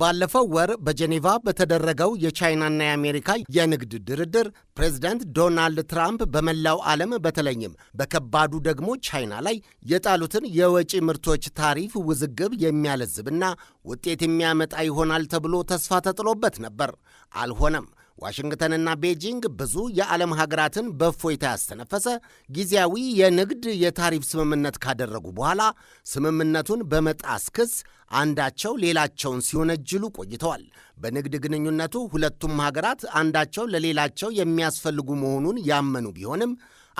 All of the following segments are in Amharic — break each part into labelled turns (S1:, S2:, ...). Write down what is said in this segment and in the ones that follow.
S1: ባለፈው ወር በጄኔቫ በተደረገው የቻይናና የአሜሪካ የንግድ ድርድር ፕሬዚዳንት ዶናልድ ትራምፕ በመላው ዓለም በተለይም በከባዱ ደግሞ ቻይና ላይ የጣሉትን የወጪ ምርቶች ታሪፍ ውዝግብ የሚያለዝብና ውጤት የሚያመጣ ይሆናል ተብሎ ተስፋ ተጥሎበት ነበር። አልሆነም። ዋሽንግተንና ቤጂንግ ብዙ የዓለም ሀገራትን በእፎይታ ያስተነፈሰ ጊዜያዊ የንግድ የታሪፍ ስምምነት ካደረጉ በኋላ ስምምነቱን በመጣስ ክስ አንዳቸው ሌላቸውን ሲወነጅሉ ቆይተዋል። በንግድ ግንኙነቱ ሁለቱም ሀገራት አንዳቸው ለሌላቸው የሚያስፈልጉ መሆኑን ያመኑ ቢሆንም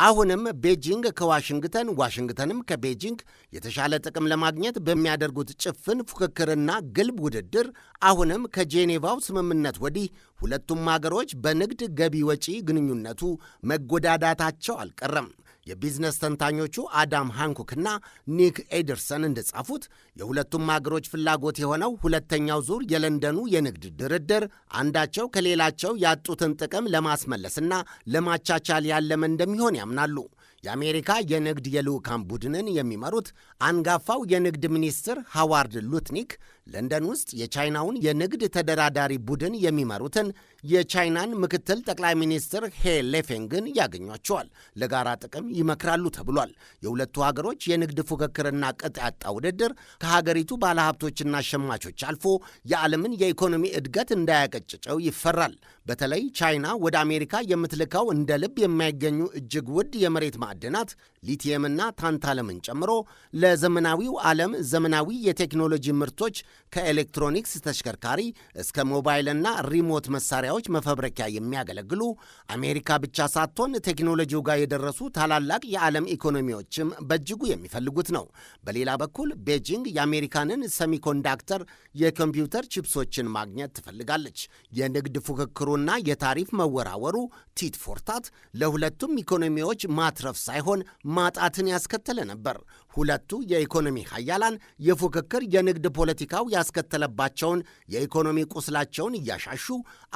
S1: አሁንም ቤጂንግ ከዋሽንግተን ዋሽንግተንም ከቤጂንግ የተሻለ ጥቅም ለማግኘት በሚያደርጉት ጭፍን ፉክክርና ግልብ ውድድር አሁንም ከጄኔቫው ስምምነት ወዲህ ሁለቱም አገሮች በንግድ ገቢ ወጪ ግንኙነቱ መጎዳዳታቸው አልቀረም። የቢዝነስ ተንታኞቹ አዳም ሃንኩክ እና ኒክ ኤደርሰን እንደጻፉት የሁለቱም አገሮች ፍላጎት የሆነው ሁለተኛው ዙር የለንደኑ የንግድ ድርድር አንዳቸው ከሌላቸው ያጡትን ጥቅም ለማስመለስና ለማቻቻል ያለመ እንደሚሆን ያምናሉ። የአሜሪካ የንግድ የልዑካን ቡድንን የሚመሩት አንጋፋው የንግድ ሚኒስትር ሃዋርድ ሉትኒክ ለንደን ውስጥ የቻይናውን የንግድ ተደራዳሪ ቡድን የሚመሩትን የቻይናን ምክትል ጠቅላይ ሚኒስትር ሄ ሌፌንግን ያገኟቸዋል። ለጋራ ጥቅም ይመክራሉ ተብሏል። የሁለቱ ሀገሮች የንግድ ፉክክርና ቅጥ ያጣ ውድድር ከሀገሪቱ ባለሀብቶችና ሸማቾች አልፎ የዓለምን የኢኮኖሚ እድገት እንዳያቀጭጨው ይፈራል። በተለይ ቻይና ወደ አሜሪካ የምትልካው እንደ ልብ የማይገኙ እጅግ ውድ የመሬት ማዕድናት ሊቲየምና ታንታለምን ጨምሮ ለዘመናዊው ዓለም ዘመናዊ የቴክኖሎጂ ምርቶች ከኤሌክትሮኒክስ ተሽከርካሪ እስከ ሞባይልና ሪሞት መሳሪያዎች መፈብረኪያ የሚያገለግሉ አሜሪካ ብቻ ሳትሆን ቴክኖሎጂው ጋር የደረሱ ታላላቅ የዓለም ኢኮኖሚዎችም በእጅጉ የሚፈልጉት ነው። በሌላ በኩል ቤጂንግ የአሜሪካንን ሰሚኮንዳክተር የኮምፒውተር ቺፕሶችን ማግኘት ትፈልጋለች። የንግድ ፉክክሩና የታሪፍ መወራወሩ ቲት ፎርታት ለሁለቱም ኢኮኖሚዎች ማትረፍ ሳይሆን ማጣትን ያስከተለ ነበር። ሁለቱ የኢኮኖሚ ሀያላን የፉክክር የንግድ ፖለቲካው ያስከተለባቸውን የኢኮኖሚ ቁስላቸውን እያሻሹ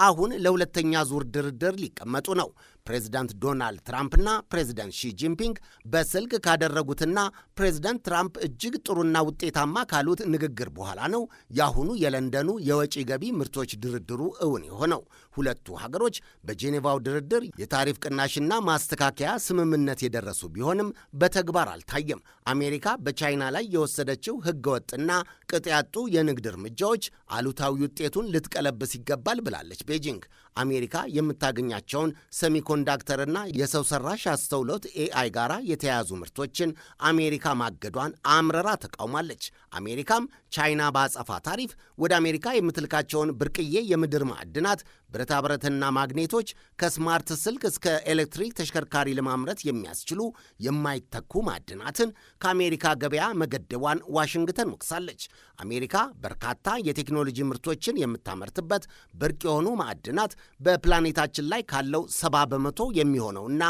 S1: አሁን ለሁለተኛ ዙር ድርድር ሊቀመጡ ነው። ፕሬዚዳንት ዶናልድ ትራምፕና ፕሬዚዳንት ሺጂንፒንግ በስልክ ካደረጉትና ፕሬዚዳንት ትራምፕ እጅግ ጥሩና ውጤታማ ካሉት ንግግር በኋላ ነው የአሁኑ የለንደኑ የወጪ ገቢ ምርቶች ድርድሩ እውን የሆነው። ሁለቱ ሀገሮች በጄኔቫው ድርድር የታሪፍ ቅናሽና ማስተካከያ ስምምነት የደረሱ ቢሆንም በተግባር አልታየም። አሜሪካ በቻይና ላይ የወሰደችው ህገወጥና ቅጥ ያጡ የንግድ እርምጃዎች አሉታዊ ውጤቱን ልትቀለብስ ይገባል ብላለች ቤጂንግ። አሜሪካ የምታገኛቸውን ሰሚኮንዳክተርና የሰው ሰራሽ አስተውሎት ኤአይ ጋር የተያያዙ ምርቶችን አሜሪካ ማገዷን አምረራ ተቃውማለች። አሜሪካም ቻይና በአጸፋ ታሪፍ ወደ አሜሪካ የምትልካቸውን ብርቅዬ የምድር ማዕድናት ብረታ ብረትና ማግኔቶች ከስማርት ስልክ እስከ ኤሌክትሪክ ተሽከርካሪ ለማምረት የሚያስችሉ የማይተኩ ማዕድናትን ከአሜሪካ ገበያ መገደቧን ዋሽንግተን ወቅሳለች። አሜሪካ በርካታ የቴክኖሎጂ ምርቶችን የምታመርትበት ብርቅ የሆኑ ማዕድናት በፕላኔታችን ላይ ካለው ሰባ በመቶ የሚሆነው እና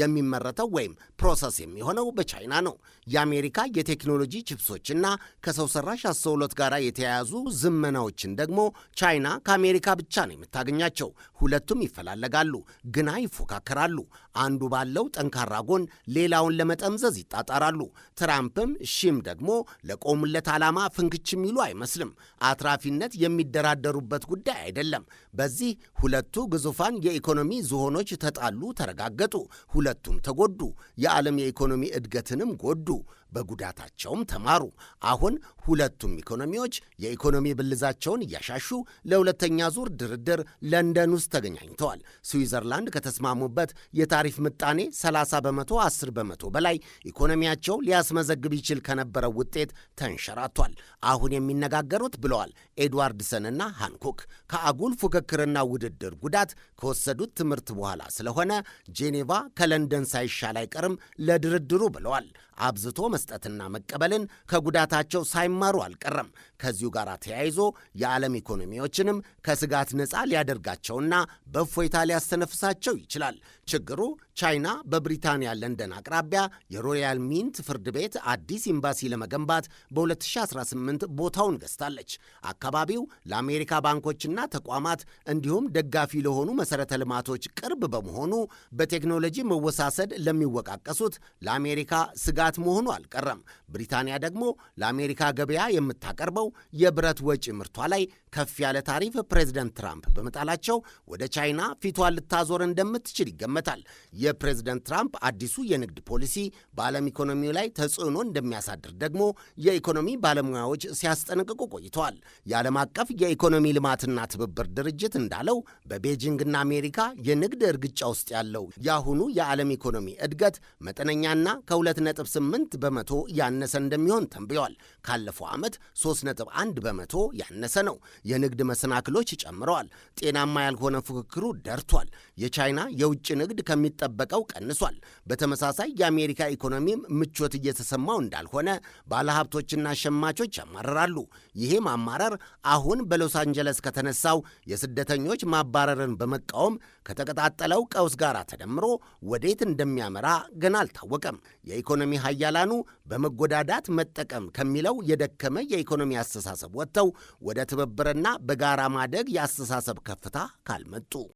S1: የሚመረተው ወይም ፕሮሰስ የሚሆነው በቻይና ነው። የአሜሪካ የቴክኖሎጂ ችፕሶች እና ከሰው ሰራሽ አስተውሎት ጋር የተያያዙ ዝመናዎችን ደግሞ ቻይና ከአሜሪካ ብቻ ነው የምታገኛቸው። ሁለቱም ይፈላለጋሉ፣ ግና ይፎካከራሉ። አንዱ ባለው ጠንካራ ጎን ሌላውን ለመጠምዘዝ ይጣጣራሉ። ትራምፕም ሺም ደግሞ ለቆሙለት ዓላማ ፍንክች የሚሉ አይመስልም። አትራፊነት የሚደራደሩበት ጉዳይ አይደለም። በዚህ ሁለ ሁለቱ ግዙፋን የኢኮኖሚ ዝሆኖች ተጣሉ፣ ተረጋገጡ። ሁለቱም ተጎዱ፣ የዓለም የኢኮኖሚ እድገትንም ጎዱ። በጉዳታቸውም ተማሩ። አሁን ሁለቱም ኢኮኖሚዎች የኢኮኖሚ ብልዛቸውን እያሻሹ ለሁለተኛ ዙር ድርድር ለንደን ውስጥ ተገናኝተዋል። ስዊዘርላንድ ከተስማሙበት የታሪፍ ምጣኔ 30 በመቶ 10 በመቶ በላይ ኢኮኖሚያቸው ሊያስመዘግብ ይችል ከነበረው ውጤት ተንሸራቷል። አሁን የሚነጋገሩት ብለዋል ኤድዋርድሰንና ሃንኮክ ከአጉል ፉክክርና ውድድር ምድር ጉዳት ከወሰዱት ትምህርት በኋላ ስለሆነ ጄኔቫ ከለንደን ሳይሻል አይቀርም ለድርድሩ ብለዋል። አብዝቶ መስጠትና መቀበልን ከጉዳታቸው ሳይማሩ አልቀረም። ከዚሁ ጋር ተያይዞ የዓለም ኢኮኖሚዎችንም ከስጋት ነፃ ሊያደርጋቸውና በእፎይታ ሊያስተነፍሳቸው ይችላል። ችግሩ ቻይና በብሪታንያ ለንደን አቅራቢያ የሮያል ሚንት ፍርድ ቤት አዲስ ኤምባሲ ለመገንባት በ2018 ቦታውን ገዝታለች። አካባቢው ለአሜሪካ ባንኮችና ተቋማት እንዲሁም ደጋፊ ለሆኑ መሠረተ ልማቶች ቅርብ በመሆኑ በቴክኖሎጂ መወሳሰድ ለሚወቃቀሱት ለአሜሪካ ስጋት ብረት መሆኑ አልቀረም። ብሪታንያ ደግሞ ለአሜሪካ ገበያ የምታቀርበው የብረት ወጪ ምርቷ ላይ ከፍ ያለ ታሪፍ ፕሬዝደንት ትራምፕ በመጣላቸው ወደ ቻይና ፊቷን ልታዞር እንደምትችል ይገመታል። የፕሬዝደንት ትራምፕ አዲሱ የንግድ ፖሊሲ በዓለም ኢኮኖሚ ላይ ተጽዕኖ እንደሚያሳድር ደግሞ የኢኮኖሚ ባለሙያዎች ሲያስጠነቅቁ ቆይተዋል። የዓለም አቀፍ የኢኮኖሚ ልማትና ትብብር ድርጅት እንዳለው በቤጂንግና አሜሪካ የንግድ እርግጫ ውስጥ ያለው የአሁኑ የዓለም ኢኮኖሚ እድገት መጠነኛና ከ2.8 8 በመቶ ያነሰ እንደሚሆን ተንብየዋል። ካለፈው ዓመት 3.1 በመቶ ያነሰ ነው። የንግድ መሰናክሎች ጨምረዋል። ጤናማ ያልሆነ ፉክክሩ ደርቷል። የቻይና የውጭ ንግድ ከሚጠበቀው ቀንሷል። በተመሳሳይ የአሜሪካ ኢኮኖሚም ምቾት እየተሰማው እንዳልሆነ ባለሀብቶችና ሸማቾች ያማርራሉ። ይህም አማራር አሁን በሎስ አንጀለስ ከተነሳው የስደተኞች ማባረርን በመቃወም ከተቀጣጠለው ቀውስ ጋር ተደምሮ ወዴት እንደሚያመራ ገና አልታወቀም። የኢኮኖሚ ሀያላኑ በመጎዳዳት መጠቀም ከሚለው የደከመ የኢኮኖሚ አስተሳሰብ ወጥተው ወደ ትብብርና በጋራ ማደግ የአስተሳሰብ ከፍታ ካልመጡ